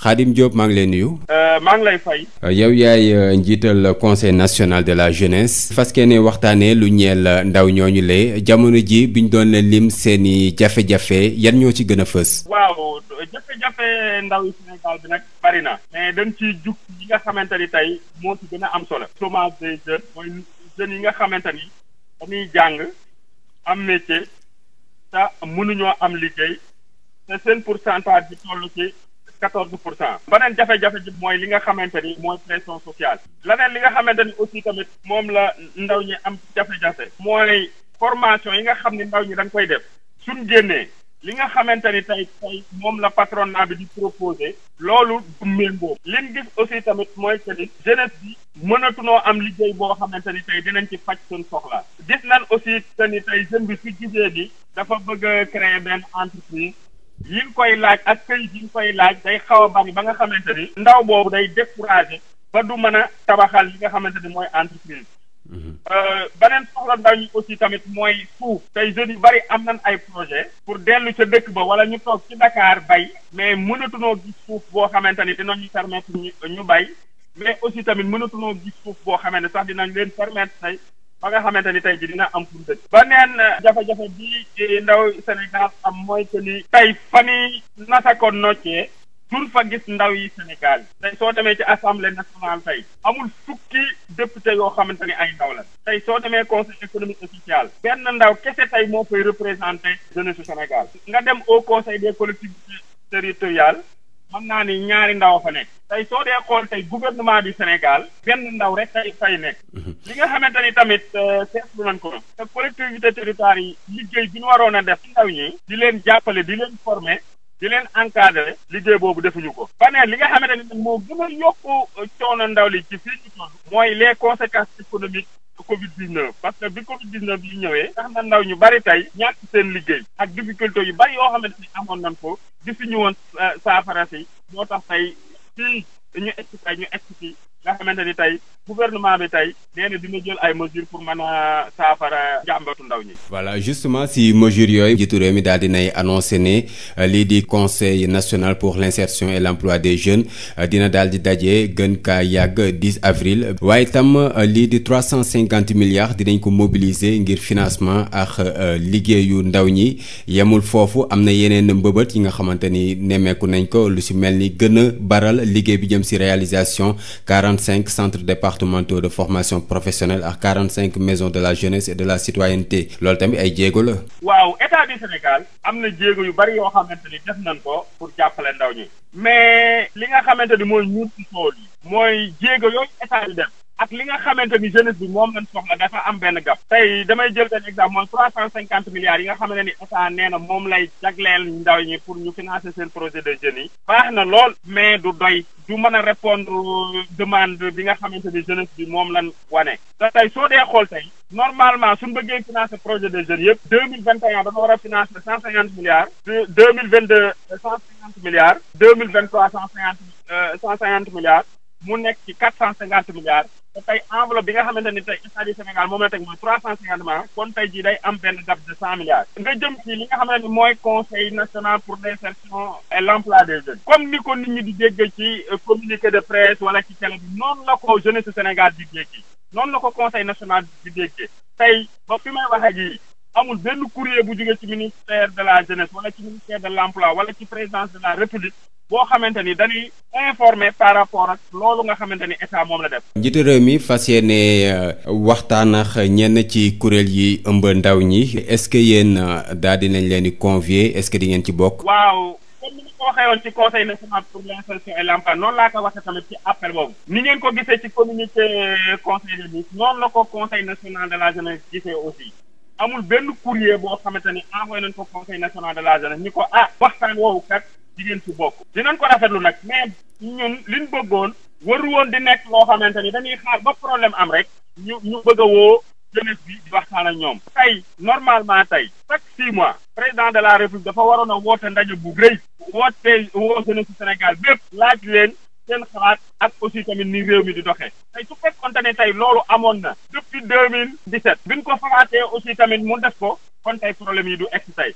Khadim Diop maa ngi lay nuyu. Euh, maa lay fay. Euh, yow yaay euh, njiital conseil national de la jeunesse. fas yéene waxtaanee lu ñeel ndaw ñooñu le jamono ji bi ñu doon leen lim seeni i jafe-jafe yan ñoo ci gën a fës. waaw jafe-jafe ndaw yi Sénégal bi nag bari na. ci jug yi nga xamante ni tey moo ci gën am solo. chômage des jeunes mooy jeunes yi nga xamante ni jàng am métier te mënuñoo am liggéey te seen pourcentage bi toll ci. quatorze pour cent beneen jafe-jafe ji mooy li nga xamante ni mooy pression sociale leneen li nga xamante ni aussi tamit moom la ndaw ñi am jafe-jafe mooy formation yi nga xam ni ndaw ñi dañ koy def suñ génnee li nga xamante ni tey moom la patronat bi di proposé loolu du méngoo liñ gis aussi tamit mooy que ni jeunesse bi am liggéey boo xamante ni tey dinañ ci faj seen soxla gis nañ aussi que ni tey jeune bi su gisee ni dafa bëgg a créer benn entreprise yi koy laaj ak këyit yi koy laaj day xaw a bari ba nga xamante ni ndaw boobu day découragé ba du mën a tabaxal yi nga xamante ni mooy entreprise mhm. euh, beneen soxla ndaw ñi aussi tamit mooy suuf tey jeunes yu bari am na ay projet pour dellu ca dëkk ba wala ñu toog ci Dakar bay mais mënatunoo gis suuf boo xamante ni dinañu permettre ñu ñu bay mais aussi tamit mënatunoo gis suuf boo xamante ne sax dinañ leen permettre tey ba nga xamante ni tey ji dina am pour dëkk beneen eh, jafe-jafe bi ndaw Sénégal am mooy que ni tey fan yi nasa ko noccee dur fa gis ndaw yi Sénégal yi soo demee ci assemblée nationale tey amul fukki député yoo xamante ni ay ndaw la tey soo demee conseil économique et social benn ndaw kese tey moo koy représenté jeunesse Sénégal nga dem au conseil des collectivités territoriales mën naa ni ñaari ndaw fa nekk. tey soo dee xool tey gouvernement du Sénégal. benn ndaw rek tey fay nekk. Mhm. li nga xamante ni tamit euh, seetlu nañ ko. te collectivité territoire yi liggéey bi ñu waroon a def ndaw ñi. di leen jàppale di leen former. di leen encadré liggéey boobu defuñu ko. baneen li nga xamante ni moo gën a yokk euh, coono ndaw li ci fii ci mooy les conséquences économiques Covid 19 parce que bi Covid 19 yi ñëwee. tax na ndaw ñu bari tey ñàkk seen liggéey. ak difficulté yu bari yoo xam xamante ni amoon nañ ko gisuñu woon euh, saafara si moo tax tey fii ñu egsi tey ñu egsi nga xamante ni tey gouvernement bi tey nee na dina jël ay mesures pour justement si mesures yooyu. jiitu réew mi daal dinay annoncé ne euh, lii di conseil national pour l' insertion et l' emploi des jeunes euh, dina daal di daje gën kaa yàgg 10 avril. waaye tam euh, lii di 350 milliards dinañ ko mobiliser ngir financement ak liggéeyu ndaw ñi yemul foofu am na yeneen mbëbët yi nga xamante ni nemmeeku nañ ko lu si mel ni gën a baral liggéey bi jëm si réalisation 40. 45 centres départementaux de formation professionnelle ak 45 maisons de la jeunesse et de la citoyenneté loolu tamit ay jéego la. waaw état du Sénégal am na jéego yu bari yoo xamante def nañ ko pour jàppale ndaw ñi. mais li nga xamante mooy ñun ci tool yi. mooy jéego yooyu état yi def. ak li nga xamante ni jeunesse bi moom lañ soxla dafa am benn gap. tey damay jël benn exemple mooy trois cent cinquante milliards yi nga xamante ni état nee na moom lay jagleel ndaw ñi pour ñu financer seen projet de jeunes yi. baax na lool mais du doy du mën a répondre demande bi nga xamante ni jeunesse bi moom lan wane. te tey soo dee xool tey normalement suñ bëggee financer projet de jeune yëpp deux mille vingt et un dafa war a financer cent cinquante deux mille vingt deux cent cinquante milliards. deux mille vingt euh, mu nekk ci quatre cent cinquante milliards. te tey enveloppe bi nga xamante ni tey état du Sénégal moom la teg mooy trois cent cinquante kon tey jii day am benn gap de cent milliards. nga jëm ci li nga xamante mooy conseil national pour l'insertion et l'emploi des jeunes. comme ni ko nit ñi di dégg ci euh, communiqué de presse wala ci télé bi la ko jeunesse Sénégal di déggee noonu la ko conseil national di déggee tey ba fi may waxee ji amul benn courrier bu jógee ci ministère de la jeunesse wala ci ministère wala ci présidence de boo xamante ni dañuy informé par rapport ak loolu nga xamante ni état moom la def. njiitu mi fas yéene euh, waxtaan ñenn ci kuréel yi ëmb ndaw ñi est-ce que yéen euh, daal di nañ leen di convier est-ce que di ngeen ci bokk. waaw comme ni ma ko waxee woon ci conseil national pour l'insertion et l'emploi noonu laa ko waxee tamit ci appel boobu. ni ngeen ko gisee ci communiqué euh, conseil la ko conseil national de la jeunesse gisee aussi. amul benn courrier boo xamante ni envoyé nañ ko conseil national de la jeunesse ah, waxtaan woowu jigéen su bokk dinañ ko rafetlu nag mais ñun liñ bëggoon waru woon di nekk loo xamante ni dañuy xaar ba problème am rek ñu ñu bëgg a woo jeunesse bi di waxtaan ak ñoom tey normalement tey chaque six mois président de la république dafa waroon a woote ndaje bu rëy woote woo jeunesse su Sénégal bépp laaj leen seen xalaat ak aussi tamit ni réew mi di doxee tey su fekkoonte ne tey loolu amoon na depuis 2017 bi ñu ko falaatee aussi tamit mu def ko kon tey problème yi du egsi tey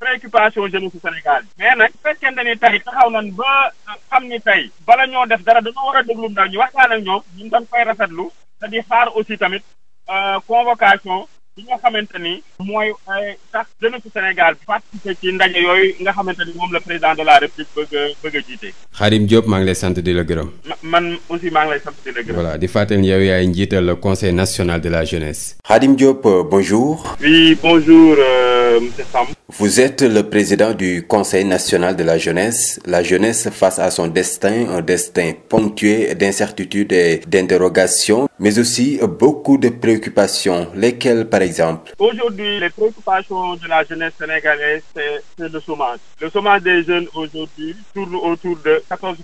préoccupation jeunesse su Sénégal yi mais nag fekkente ni tey taxaw nañ ba euh, xam ni tey bala ñoo def dara dañoo war a ndaw ñu waxtaan ak ñoom ñu doon koy rafetlu te di xaar aussi tamit euh, convocation bi nga xamante ni mooy euh, tax jeunesse su Sénégal participer ci ndaje yooyu nga xamante ni moom la président de la république bëgg bëgg jiite. Khadim Diop maa ngi lay sant di la gërëm. man aussi maa ngi lay sant la gërëm. voilà di fàttali yow yaay njiital conseil national de la jeunesse. Khadim Diop bonjour. Vous êtes le président du Conseil national de la jeunesse. La jeunesse face à son destin, un destin ponctué d'incertitudes et d'interrogations, mais aussi beaucoup de préoccupations. Lesquelles, par exemple Aujourd'hui, les préoccupations de la jeunesse sénégalaise, c'est le chômage. Le chômage des jeunes aujourd'hui tourne autour de 14%.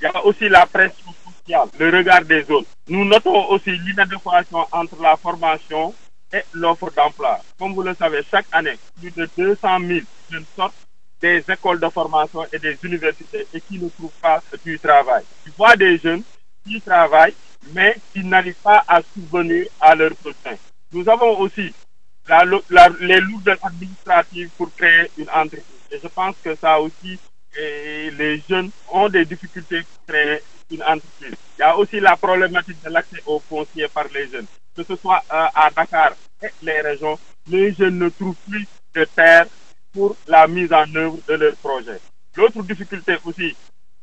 Il y a aussi la pression sociale, le regard des autres. Nous notons aussi l'inadéquation entre la formation et l'offre d'emploi. Comme vous le savez, chaque année, plus de 200 000 jeunes sortent des écoles de formation et des universités et qui ne trouvent pas du travail. Tu vois des jeunes qui travaillent, mais qui n'arrivent pas à subvenir à leurs besoins. Nous avons aussi les lourdes administratives pour créer une entreprise. Et je pense que ça aussi, les jeunes ont des difficultés pour créer une entreprise. Il y a aussi la problématique de l'accès aux fonciers par les jeunes. Que ce soit euh, à Dakar et les régions, les jeunes ne trouvent plus de terre pour la mise en œuvre de leurs projets. L'autre difficulté aussi,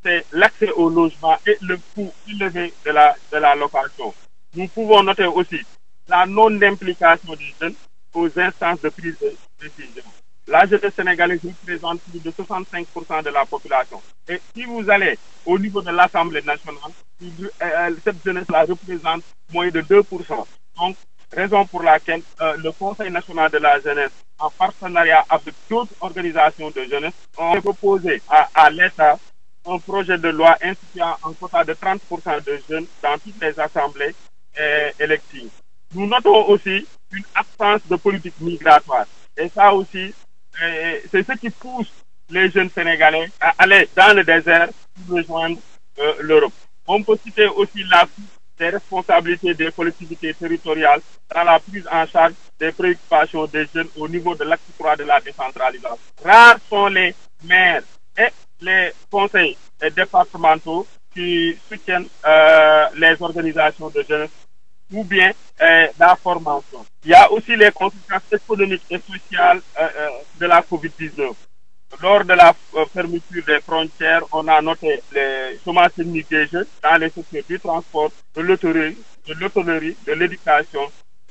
c'est l'accès au logement et le coût élevé de la, de la location. Nous pouvons noter aussi la non-implication des jeunes aux instances de prise de décision. la jeunesse sénégalaise représente plus de 65 pour cent de la population. Et si vous allez au niveau de l'Assemblée nationale, euh, euh, cette de 2 pour cent. Donc, raison pour laquelle euh, le Conseil national de la jeunesse, en partenariat avec d'autres organisations de jeunesse, ont proposé à, à l'État un projet de loi instituant un quota de 30 pour cent de jeunes dans toutes les assemblées euh, électives. Nous notons aussi une de politique migratoire. Et c'est ce qui pousse les jeunes Sénégalais à aller dans le désert pour rejoindre euh, l'Europe. On peut citer aussi la des responsabilités des collectivités territoriales dans la prise en charge des préoccupations des jeunes au niveau de l'acte 3 de la décentralisation. Rares sont les maires et les conseils et départementaux qui soutiennent euh, les organisations de jeunes ou bien euh, la formation. Il y a aussi les conséquences économiques et sociales euh, euh, de la COVID-19. de la euh, fermeture des on a noté les chômages techniques des jeunes dans les secteurs du de l'hôtellerie, de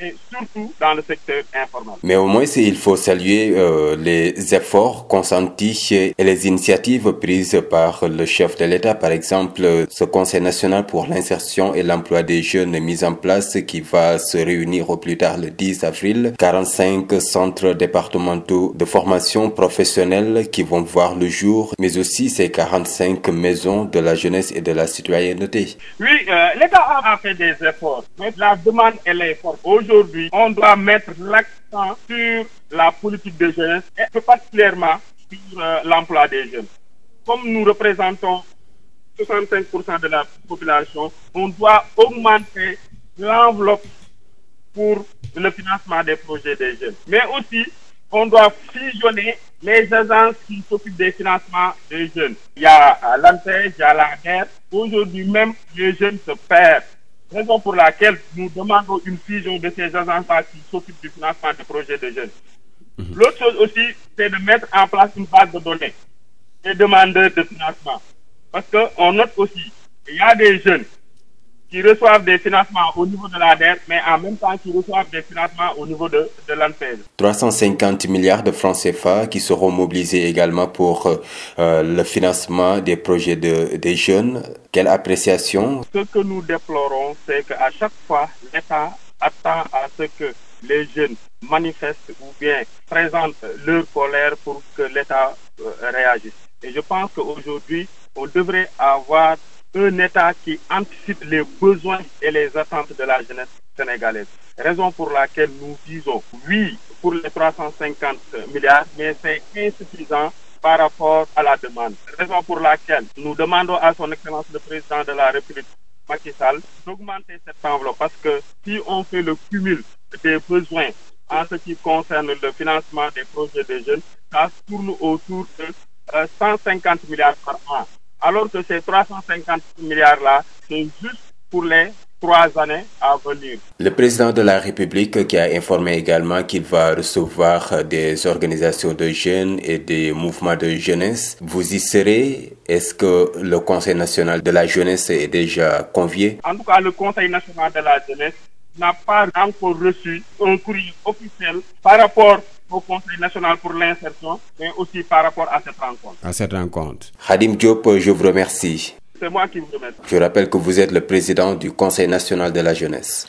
et surtout dans le secteur informel. Mais au euh, les efforts consentis et les initiatives prises de l'État, par exemple ce Conseil national pour l'insertion et l'emploi des jeunes mis en place qui va se réunir au plus tard le 10 avril. 45 de formation professionnelle qui vont voir le jour, mais aussi ces 45 maisons de la jeunesse de la citoyenneté. Oui, euh, l'État a fait des aujourd'hui, on doit mettre l'accent sur la politique des jeunes et plus euh, des jeunes. Comme nous représentons 65% de la population, on doit augmenter pour le financement des projets des Mais aussi, on doit les agences qui s'occupent des financements des jeunes. Il la Aujourd'hui jeunes se raison pour laquelle nous demandons une fusion de ces agences qui s'occupent du financement des projets de jeunes. Mhm. L'autre chose aussi, c'est de mettre en place une base de données des demandeurs de financement. Parce qu'on note aussi, il y a des jeunes qui reçoivent des financements au niveau de l'ADER, mais en même temps qui reçoivent des financements au niveau de, de l'ANPEJ. 350 milliards de francs CFA qui seront mobilisés également pour euh, euh, le financement des projets de, des jeunes. Quelle appréciation Ce que nous déplorons, c'est qu'à chaque fois, l'État attend à ce que les jeunes manifestent ou bien présentent leur colère pour que l'État euh, réagisse. Et je pense qu'aujourd'hui, on devrait avoir un État qui anticipe les besoins et les attentes de la jeunesse sénégalaise. Raison pour laquelle nous disons oui pour les 350 milliards, mais c'est insuffisant par rapport à la demande. Raison pour laquelle nous demandons à son Excellence le Président de la République, Macky Sall, d'augmenter cette enveloppe parce que si on fait le cumul des besoins en ce qui concerne le financement des projets des jeunes, ça tourne autour de 150 euh, milliards par an. alors que ces 350 milliards-là, c'est pour les trois années à Le président de la République qui a informé également qu'il va recevoir des jeunes et des mouvements de jeunesse. Vous y ce que le Conseil national de la jeunesse est déjà convié En tout cas, le Conseil national au pour mais aussi par rapport à cette rencontre. À cette rencontre. Khadim Diop, je vous remercie. Je rappelle que vous êtes le président du Conseil national de la jeunesse.